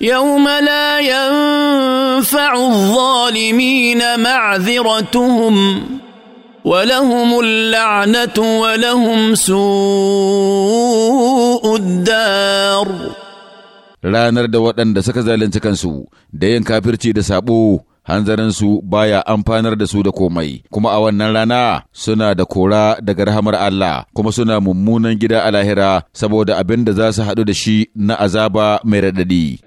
يوم لا ينفع الظالمين معذرتهم ولهم اللعنه ولهم سوء الدار ranar da waɗanda suka zalunci kansu da yin kafirci da saɓo hanzarinsu baya amfanar da su da komai kuma a wannan rana suna da kora daga rahamar Allah kuma suna mummunan gida a lahira saboda abin da za su haɗu da shi na azaba mai raɗaɗi